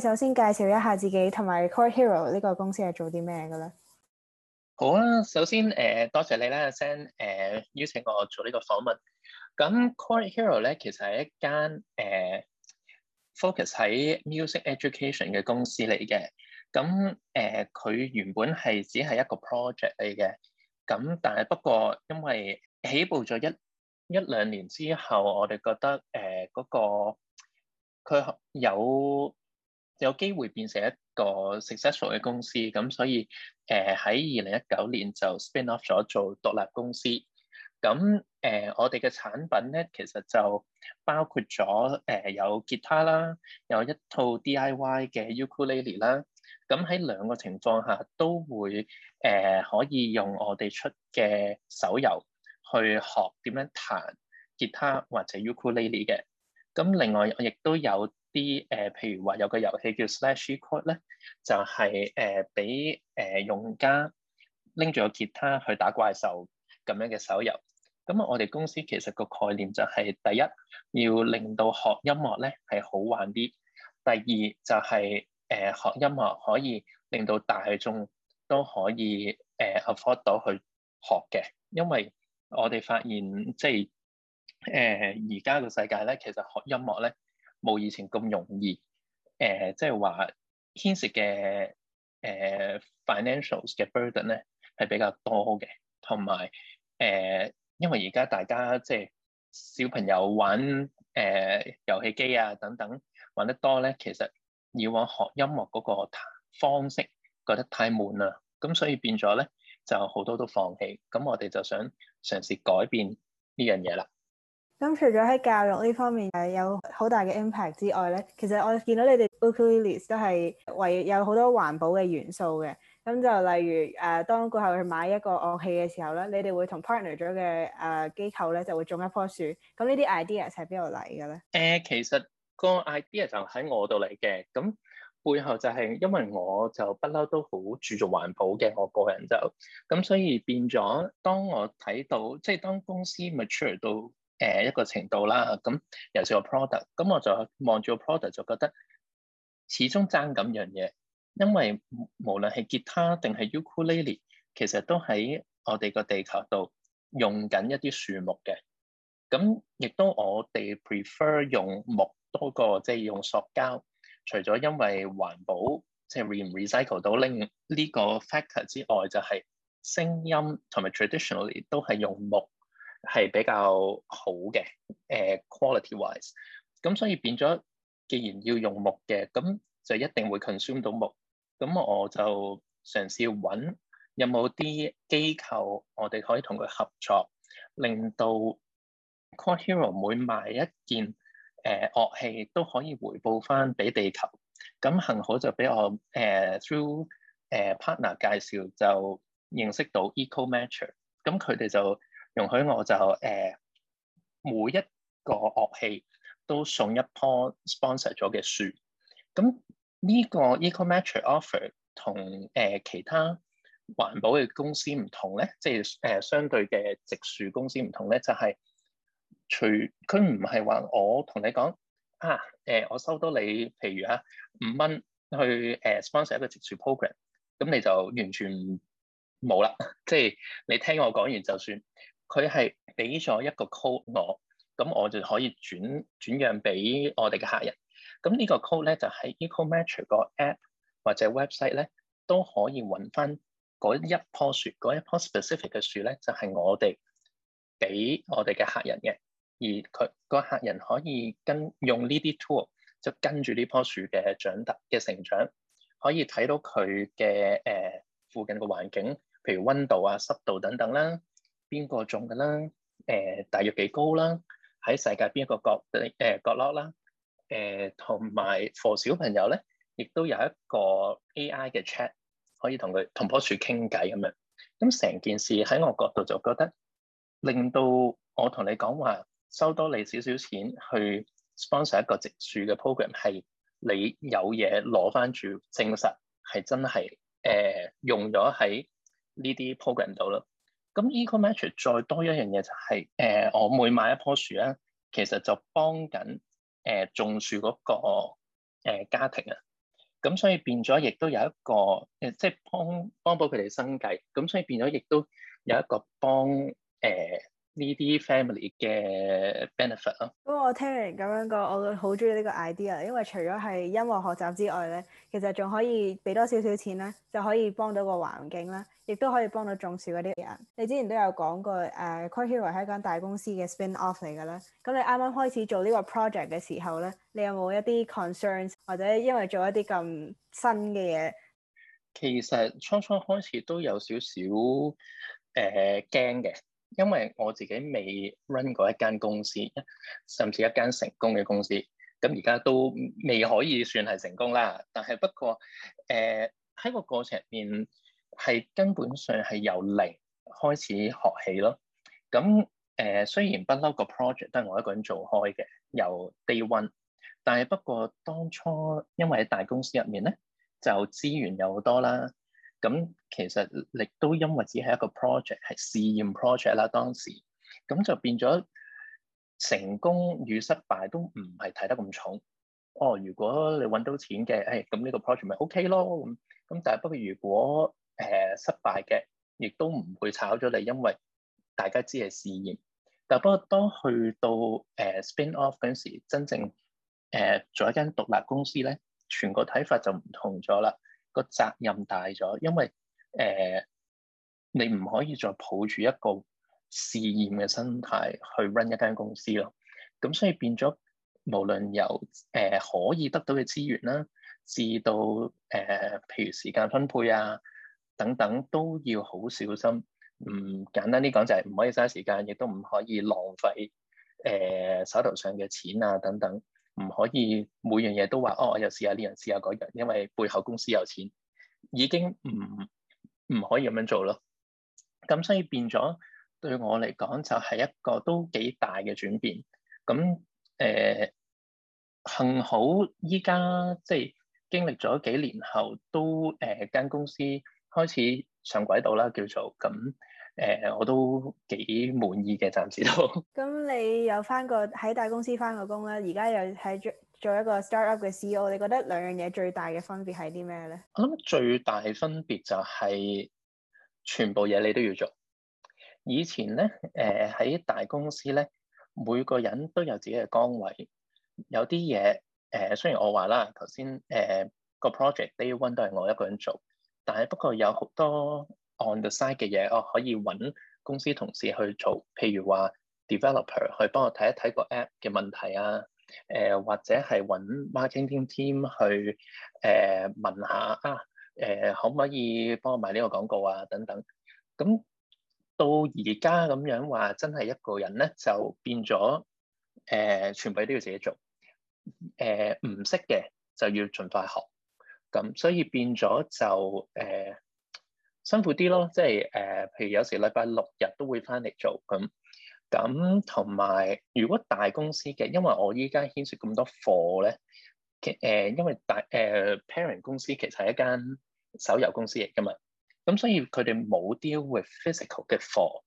首先介紹一下自己同埋 Chord Hero 呢個公司係做啲咩嘅咧？好啊，首先誒，多謝你啦，Sam 誒邀請我做呢個訪問。咁 Chord Hero 咧，其實係一間誒 focus 喺 music education 嘅公司嚟嘅。咁誒，佢原本係只係一個 project 嚟嘅。咁但係不過因為起步咗一一兩年之後，我哋覺得誒嗰個佢有有機會變成一個 successful 嘅公司，咁所以誒喺二零一九年就 spin off 咗做獨立公司。咁誒、呃、我哋嘅產品咧，其實就包括咗誒、呃、有吉他啦，有一套 DIY 嘅尤克里里啦。咁喺兩個情況下都會誒、呃、可以用我哋出嘅手遊去學點樣彈吉他或者尤克里里嘅。咁另外我亦都有啲誒、呃，譬如話有個遊戲叫 Slash Chord 咧，就係誒俾誒用家拎住個吉他去打怪獸咁樣嘅手遊。咁啊，我哋公司其實個概念就係、是、第一要令到學音樂咧係好玩啲，第二就係、是、誒、呃、學音樂可以令到大眾都可以誒、呃、afford 到去學嘅，因為我哋發現即係誒而家個世界咧，其實學音樂咧。冇以前咁容易，誒、呃，即係話牽涉嘅誒、呃、financials 嘅 burden 咧係比較多嘅，同埋誒，因為而家大家即係小朋友玩誒遊戲機啊等等玩得多咧，其實以往學音樂嗰個方式覺得太悶啦，咁所以變咗咧就好多都放棄，咁我哋就想嘗試改變呢樣嘢啦。咁除咗喺教育呢方面係有好大嘅 impact 之外咧，其實我見到你哋 ukulele、er、都係為有好多環保嘅元素嘅。咁就例如誒、呃、當顧客去買一個樂器嘅時候咧，你哋會同 partner 咗嘅誒、呃、機構咧就會種一棵樹，咁呢啲 idea 係邊度嚟嘅咧？誒、呃、其實個 idea 就喺我度嚟嘅。咁背後就係因為我就不嬲都好注重環保嘅，我個人就咁，所以變咗當我睇到即係當公司 mature 到。誒、呃、一個程度啦，咁、嗯、尤其是個 product，咁、嗯、我就望住個 product 就覺得始終爭緊樣嘢，因為無論係結他定係 ukulele，其實都喺我哋個地球度用緊一啲樹木嘅。咁、嗯、亦都我哋 prefer 用木多過即係用塑膠，除咗因為環保即係、就是、re recycle 到呢呢個 factor 之外，就係、是、聲音同埋 traditionally 都係用木。係比較好嘅，誒、uh, quality wise，咁所以變咗，既然要用木嘅，咁就一定會 consume 到木。咁我就嘗試揾有冇啲機構，我哋可以同佢合作，令到 Chord Hero 每賣一件誒、uh, 樂器都可以回報翻俾地球。咁幸好就俾我誒、uh, through 誒、uh, partner 介紹就認識到 Eco Matcher，咁佢哋就，容許我就誒、呃、每一個樂器都送一棵 sponsor 咗嘅樹。咁呢個 EcoMatcher offer 同誒、呃、其他環保嘅公司唔同咧，即係誒、呃、相對嘅植樹公司唔同咧，就係、是、除佢唔係話我同你講啊誒、呃，我收到你譬如啊五蚊去誒 sponsor、呃、一個植樹 program，咁你就完全冇啦。 即係你聽我講完就算。佢係俾咗一個 code 我，咁我就可以轉轉讓俾我哋嘅客人。咁呢個 code 咧就喺、是、EcoMatcher 個 app 或者 website 咧都可以揾翻嗰一棵樹、嗰一棵 specific 嘅樹咧，就係、是、我哋俾我哋嘅客人嘅。而佢、那個客人可以跟用呢啲 tool，就跟住呢棵樹嘅長大嘅成長，可以睇到佢嘅誒附近嘅環境，譬如溫度啊、濕度等等啦。邊個種噶啦？誒、呃，大約幾高啦？喺世界邊一個角誒、呃、角落啦？誒、呃，同埋 for 小朋友咧，亦都有一個 AI 嘅 chat 可以同佢同棵樹傾偈咁樣。咁成件事喺我角度就覺得令到我同你講話收多你少少錢去 sponsor 一個植樹嘅 program，係你有嘢攞翻住證實係真係誒、呃、用咗喺呢啲 program 度咯。咁 EcoMetric 再多一樣嘢就係、是，誒、呃、我每買一棵樹咧，其實就幫緊誒、呃、種樹嗰、那個、呃、家庭啊，咁所以變咗亦都有一個誒，即、呃、係、就是、幫，幫幫補佢哋生計，咁所以變咗亦都有一個幫誒。呃呢啲 family 嘅 benefit 咯。不過我聽完咁樣講，我好中意呢個 idea，因為除咗係音樂學習之外咧，其實仲可以俾多少少錢咧，就可以幫到個環境啦，亦都可以幫到種樹嗰啲人。你之前都有講過，誒，Chord Hero 係一間大公司嘅 spin off 嚟㗎啦。咁你啱啱開始做呢個 project 嘅時候咧，你有冇一啲 concerns 或者因為做一啲咁新嘅嘢？其實初初開始都有少少誒驚嘅。呃因為我自己未 run 過一間公司，甚至一間成功嘅公司，咁而家都未可以算係成功啦。但係不過，誒、呃、喺個過程入面係根本上係由零開始學起咯。咁、嗯、誒、呃、雖然不嬲個 project 都係我一個人做開嘅，由低運，但係不過當初因為喺大公司入面咧，就資源又多啦。咁其實亦都因為只係一個 project，係試驗 project 啦。當時咁就變咗成，成功與失敗都唔係睇得咁重。哦，如果你揾到錢嘅，誒咁呢個 project 咪 OK 咯。咁咁但係不過如果誒、呃、失敗嘅，亦都唔會炒咗你，因為大家知係試驗。但不過當去到誒、呃、spin off 嗰陣時，真正誒、呃、做一間獨立公司咧，全個睇法就唔同咗啦。個責任大咗，因為誒、呃、你唔可以再抱住一個試驗嘅心態去 run 一間公司咯。咁所以變咗，無論由誒、呃、可以得到嘅資源啦，至到誒、呃、譬如時間分配啊等等，都要好小心。嗯，簡單啲講就係唔可以嘥時間，亦都唔可以浪費誒、呃、手頭上嘅錢啊等等。唔可以每樣嘢都話哦，我又試下呢樣，試下嗰樣，因為背後公司有錢，已經唔唔可以咁樣做咯。咁所以變咗對我嚟講就係一個都幾大嘅轉變。咁誒、呃，幸好依家即係經歷咗幾年後，都誒間、呃、公司開始上軌道啦，叫做咁。誒、呃，我都幾滿意嘅，暫時都。咁你有返過喺大公司返過工咧，而家又喺做做一個 startup 嘅 CEO，你覺得兩樣嘢最大嘅分別係啲咩咧？我諗最大分別就係、是、全部嘢你都要做。以前咧，誒、呃、喺大公司咧，每個人都有自己嘅崗位，有啲嘢誒，雖然我話啦頭先誒個 project day one 都係我一個人做，但係不過有好多。按 on the side 嘅嘢，哦，可以揾公司同事去做，譬如話 developer 去幫我睇一睇個 app 嘅問題啊，誒、呃、或者係揾 marketing team 去誒、呃、問下啊，誒、呃、可唔可以幫我買呢個廣告啊等等，咁到而家咁樣話，真係一個人咧就變咗誒、呃，全部都要自己做，誒唔識嘅就要盡快學，咁所以變咗就誒。呃辛苦啲咯，即係誒、呃，譬如有時禮拜六日都會翻嚟做咁，咁同埋如果大公司嘅，因為我依家牽涉咁多貨咧，嘅、呃、因為大誒、呃、parent 公司其實係一間手遊公司嚟噶嘛，咁所以佢哋冇 deal with physical 嘅貨，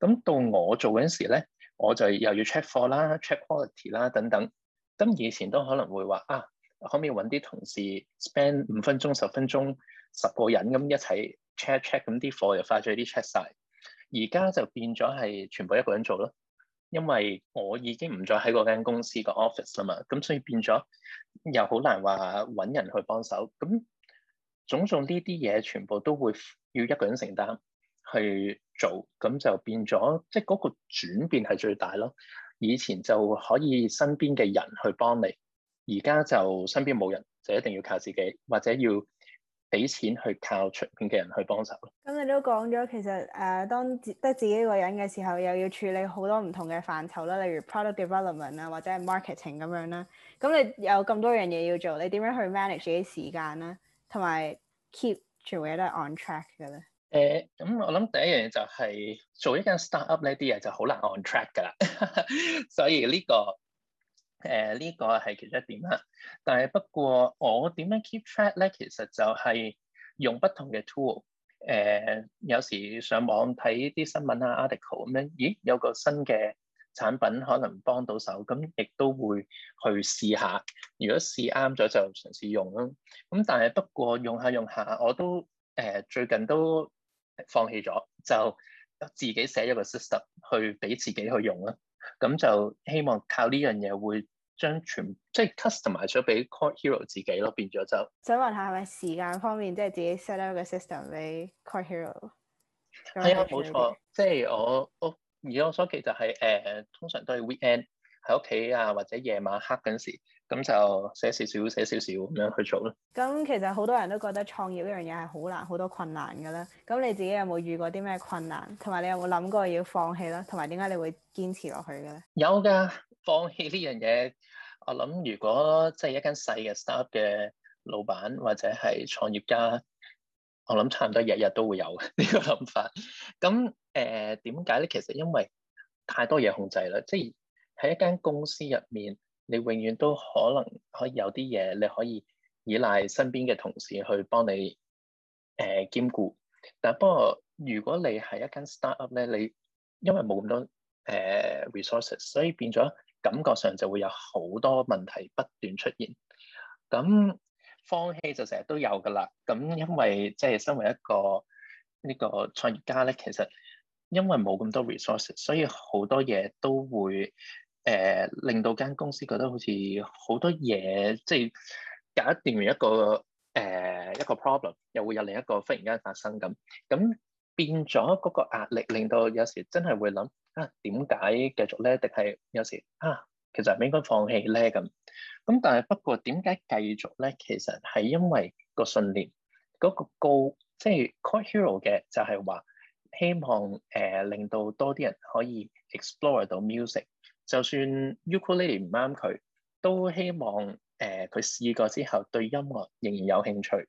咁到我做嗰陣時咧，我就又要 check 貨啦，check quality 啦等等，咁以前都可能會話啊，可唔可以揾啲同事 spend 五分鐘、十分鐘、十個人咁一齊。check check 咁啲貨又快咗啲 check 晒，而家就變咗係全部一個人做咯，因為我已經唔再喺嗰間公司個 office 啦嘛，咁所以變咗又好難話揾人去幫手，咁種種呢啲嘢全部都會要一個人承擔去做，咁就變咗即係嗰個轉變係最大咯。以前就可以身邊嘅人去幫你，而家就身邊冇人就一定要靠自己或者要。俾錢去靠出邊嘅人去幫手。咁你都講咗，其實誒、呃、當得自己一個人嘅時候，又要處理好多唔同嘅範疇啦，例如 product development 啊，或者係 marketing 咁樣啦。咁你有咁多樣嘢要做，你點樣去 manage 自己時間啦，同埋 keep 全部咧 on track 嘅咧？誒、呃，咁我諗第一樣嘢就係、是、做一間 startup 呢啲嘢就好難 on track 噶啦， 所以呢、呢個。誒呢、呃這個係其中一點啦，但係不過我點樣 keep track 咧？其實就係用不同嘅 tool、呃。誒有時上網睇啲新聞啊、article 咁樣，咦有個新嘅產品可能幫到手，咁亦都會去試下。如果試啱咗就嘗試用咯。咁但係不過用下用下，我都誒、呃、最近都放棄咗，就自己寫咗個 system 去俾自己去用咯。咁就希望靠呢樣嘢會將全即係 customise 咗俾 Chord Hero 自己咯，變咗就是、想問下係咪時間方面即係自己 set up 個 system 俾 Chord Hero？係啊，冇錯，即係、就是、我我以我所記就係、是、誒、呃，通常都係 weekend 喺屋企啊，或者夜晚黑嗰陣時。咁就寫少少，寫少少咁樣去做咧。咁其實好多人都覺得創業呢樣嘢係好難，好多困難嘅啦。咁你自己有冇遇過啲咩困難？同埋你有冇諗過要放棄咧？同埋點解你會堅持落去嘅咧？有噶，放棄呢樣嘢，我諗如果即係一間細嘅 startup 嘅老闆或者係創業家，我諗差唔多日日都會有呢個諗法。咁誒點解咧？其實因為太多嘢控制啦，即係喺一間公司入面。你永遠都可能可以有啲嘢，你可以依賴身邊嘅同事去幫你誒、呃、兼顧。但不過，如果你係一間 start-up 咧，up，你因為冇咁多誒、呃、resources，所以變咗感覺上就會有好多問題不斷出現。咁放棄就成日都有㗎啦。咁因為即係、就是、身為一個呢、呢個創業家咧，其實因為冇咁多 resources，所以好多嘢都會。誒、呃，令到間公司覺得好似好多嘢，即係搞掂完一個誒、呃、一個 problem，又會有另一個忽然間發生咁。咁變咗嗰個壓力，令到有時真係會諗啊，點解繼續咧？定係有時啊，其實係咪應該放棄咧？咁咁，但係不過點解繼續咧？其實係因為個信念嗰、那個高，即係、就是、chord hero 嘅，就係話希望誒、呃、令到多啲人可以 explore 到 music。就算 Ukulele 唔啱佢，都希望誒佢、呃、試過之後對音樂仍然有興趣。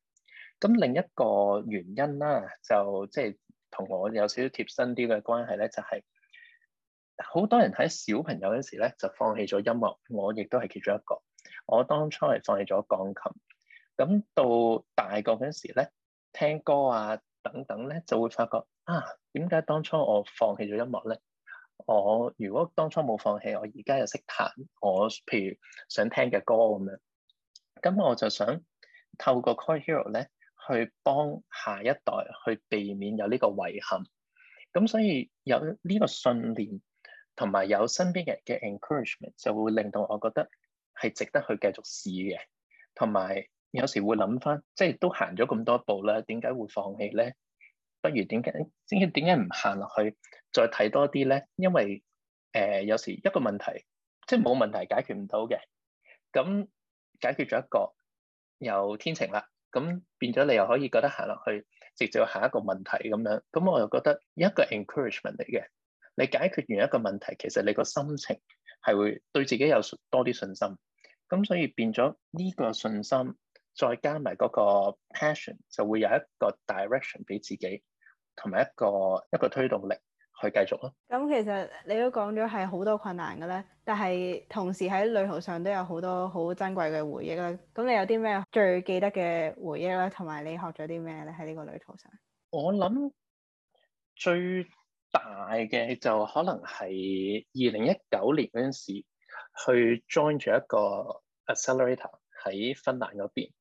咁另一個原因啦、啊，就即係同我有少少貼身啲嘅關係咧，就係、是、好多人喺小朋友嗰時咧就放棄咗音樂，我亦都係其中一個。我當初係放棄咗鋼琴，咁到大個嗰時咧，聽歌啊等等咧就會發覺啊，點解當初我放棄咗音樂咧？我如果當初冇放棄，我而家又識彈我譬如想聽嘅歌咁樣，咁我就想透過 Chord Hero 咧，去幫下一代去避免有呢個遺憾。咁所以有呢個信念同埋有身邊人嘅 encouragement，就會令到我覺得係值得去繼續試嘅。同埋有，有時會諗翻，即係都行咗咁多步咧，點解會放棄咧？不如點解？點解點解唔行落去？再睇多啲咧，因為誒、呃、有時一個問題即係冇問題解決唔到嘅，咁解決咗一個又天晴啦，咁變咗你又可以覺得行落去，直接下一個問題咁樣，咁我又覺得一個 encouragement 嚟嘅。你解決完一個問題，其實你個心情係會對自己有多啲信心，咁所以變咗呢個信心再加埋嗰個 passion，就會有一個 direction 俾自己同埋一個一個推動力。去繼續咯。咁其實你都講咗係好多困難嘅咧，但係同時喺旅途上都有好多好珍貴嘅回憶啦。咁你有啲咩最記得嘅回憶咧？同埋你學咗啲咩咧？喺呢個旅途上，我諗最大嘅就可能係二零一九年嗰陣時去 join 咗一個 accelerator 喺芬蘭嗰邊。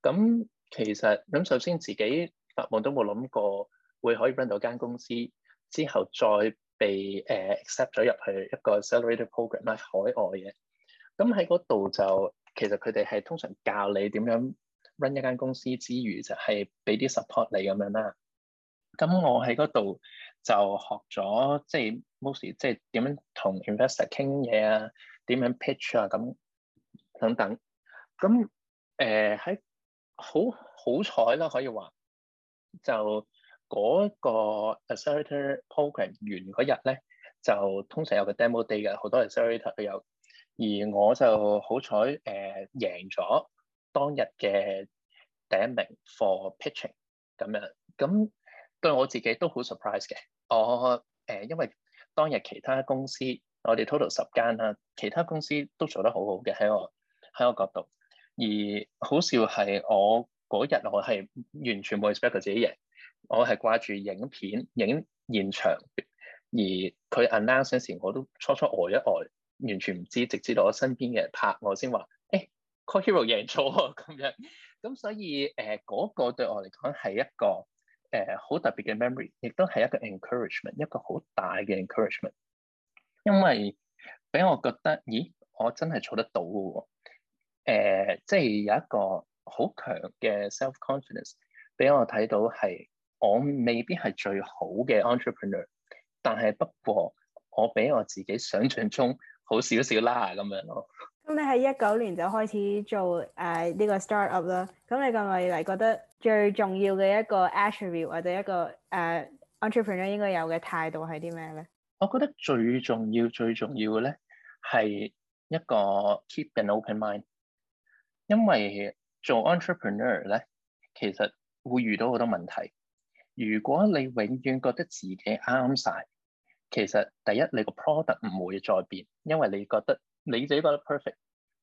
咁其實咁首先自己發夢都冇諗過會可以 run 到間公司。之後再被誒、呃、accept 咗入去一個 accelerated program 咧，海外嘅，咁喺嗰度就其實佢哋係通常教你點樣 run 一間公司之餘，就係俾啲 support 你咁樣啦。咁我喺嗰度就學咗，即係 mostly 即係點樣同 investor 傾嘢啊，點樣 pitch 啊，咁等等。咁誒喺好好彩啦，可以話就。嗰個 accelerator program 完嗰日咧，就通常有個 demo day 嘅，好多 accelerator 都有。而我就好彩誒贏咗當日嘅第一名 for pitching 咁樣。咁對我自己都好 surprise 嘅。我誒、呃、因為當日其他公司我哋 total 十間啦，其他公司都做得好好嘅，喺我喺我角度。而好笑係我嗰日我係完全冇 expect 到自己贏。我係掛住影片、影現場，而佢 announce 嗰時，我都初初呆、呃、一呆、呃，完全唔知。直至到我身邊嘅人拍我先話：，誒 Chord Hero 贏咗啊！咁樣，咁 所以誒，嗰、呃那個對我嚟講係一個誒好、呃、特別嘅 memory，亦都係一個 encouragement，一個好大嘅 encouragement，因為俾我覺得，咦，我真係做得到嘅喎。即、呃、係、就是、有一個好強嘅 self confidence，俾我睇到係。我未必係最好嘅 entrepreneur，但係不過我比我自己想像中好少少啦，咁樣咯。咁 你喺一九年就開始做誒呢、啊這個 startup 啦。咁你咁耐以嚟覺得最重要嘅一個 attribute 或者一個誒、啊、entrepreneur 應該有嘅態度係啲咩咧？我覺得最重要最重要嘅咧係一個 keep an open mind，因為做 entrepreneur 咧其實會遇到好多問題。如果你永遠覺得自己啱晒，其實第一你個 product 唔會再變，因為你覺得你自己覺得 perfect。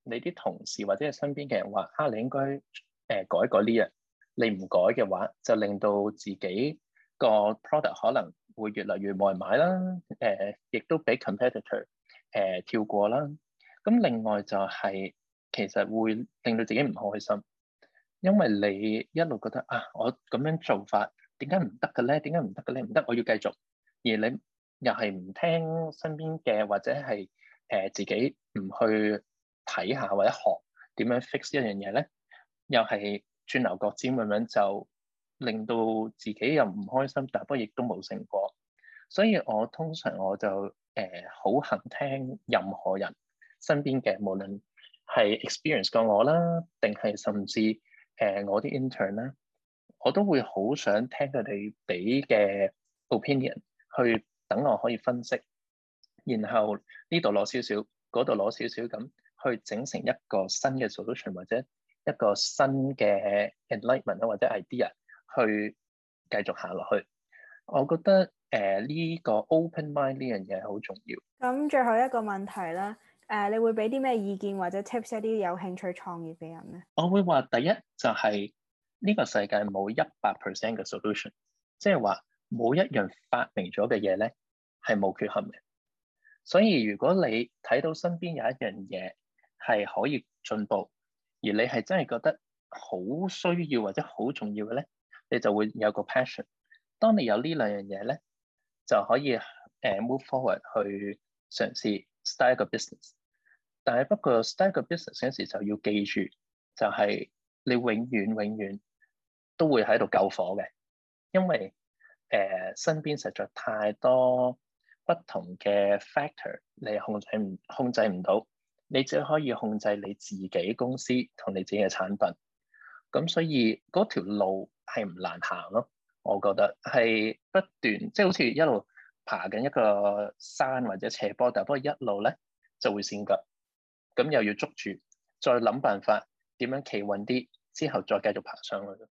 你啲同事或者係身邊嘅人話：啊，你應該誒、呃、改改呢樣。你唔改嘅話，就令到自己個 product 可能會越嚟越冇人買啦。誒、呃，亦都俾 competitor 誒、呃、跳過啦。咁另外就係、是、其實會令到自己唔開心，因為你一路覺得啊，我咁樣做法。點解唔得嘅咧？點解唔得嘅咧？唔得，我要繼續。而你又係唔聽身邊嘅，或者係誒、呃、自己唔去睇下或者學點樣 fix 一樣嘢咧，又係轉牛角尖咁樣，就令到自己又唔開心，但不過亦都冇成果。所以我通常我就誒好肯聽任何人身邊嘅，無論係 experience 過我啦，定係甚至誒、呃、我啲 intern 啦。我都會好想聽佢哋俾嘅 opinion，去等我可以分析，然後呢度攞少少，嗰度攞少少咁，去整成一個新嘅 solution 或者一個新嘅 enlightenment 啊，或者 idea 去繼續行落去。我覺得誒呢、呃這個 open mind 呢樣嘢好重要。咁、嗯、最後一個問題咧，誒、呃、你會俾啲咩意見或者 tips 一啲有興趣創業嘅人咧？我會話第一就係、是。呢個世界冇一百 percent 嘅 solution，即係話冇一樣發明咗嘅嘢咧，係冇缺陷嘅。所以如果你睇到身邊有一樣嘢係可以進步，而你係真係覺得好需要或者好重要嘅咧，你就會有個 passion。當你有呢兩樣嘢咧，就可以誒、uh, move forward 去嘗試 start 一個 business。但係不過 start 個 business 嗰時就要記住，就係、是、你永遠永遠。都會喺度救火嘅，因為誒、呃、身邊實在太多不同嘅 factor，你控制唔控制唔到，你只可以控制你自己公司同你自己嘅產品。咁所以嗰條路係唔難行咯，我覺得係不斷即係好似一路爬緊一個山或者斜坡，但不過一路咧就會跣腳，咁又要捉住，再諗辦法點樣企穩啲，之後再繼續爬上去。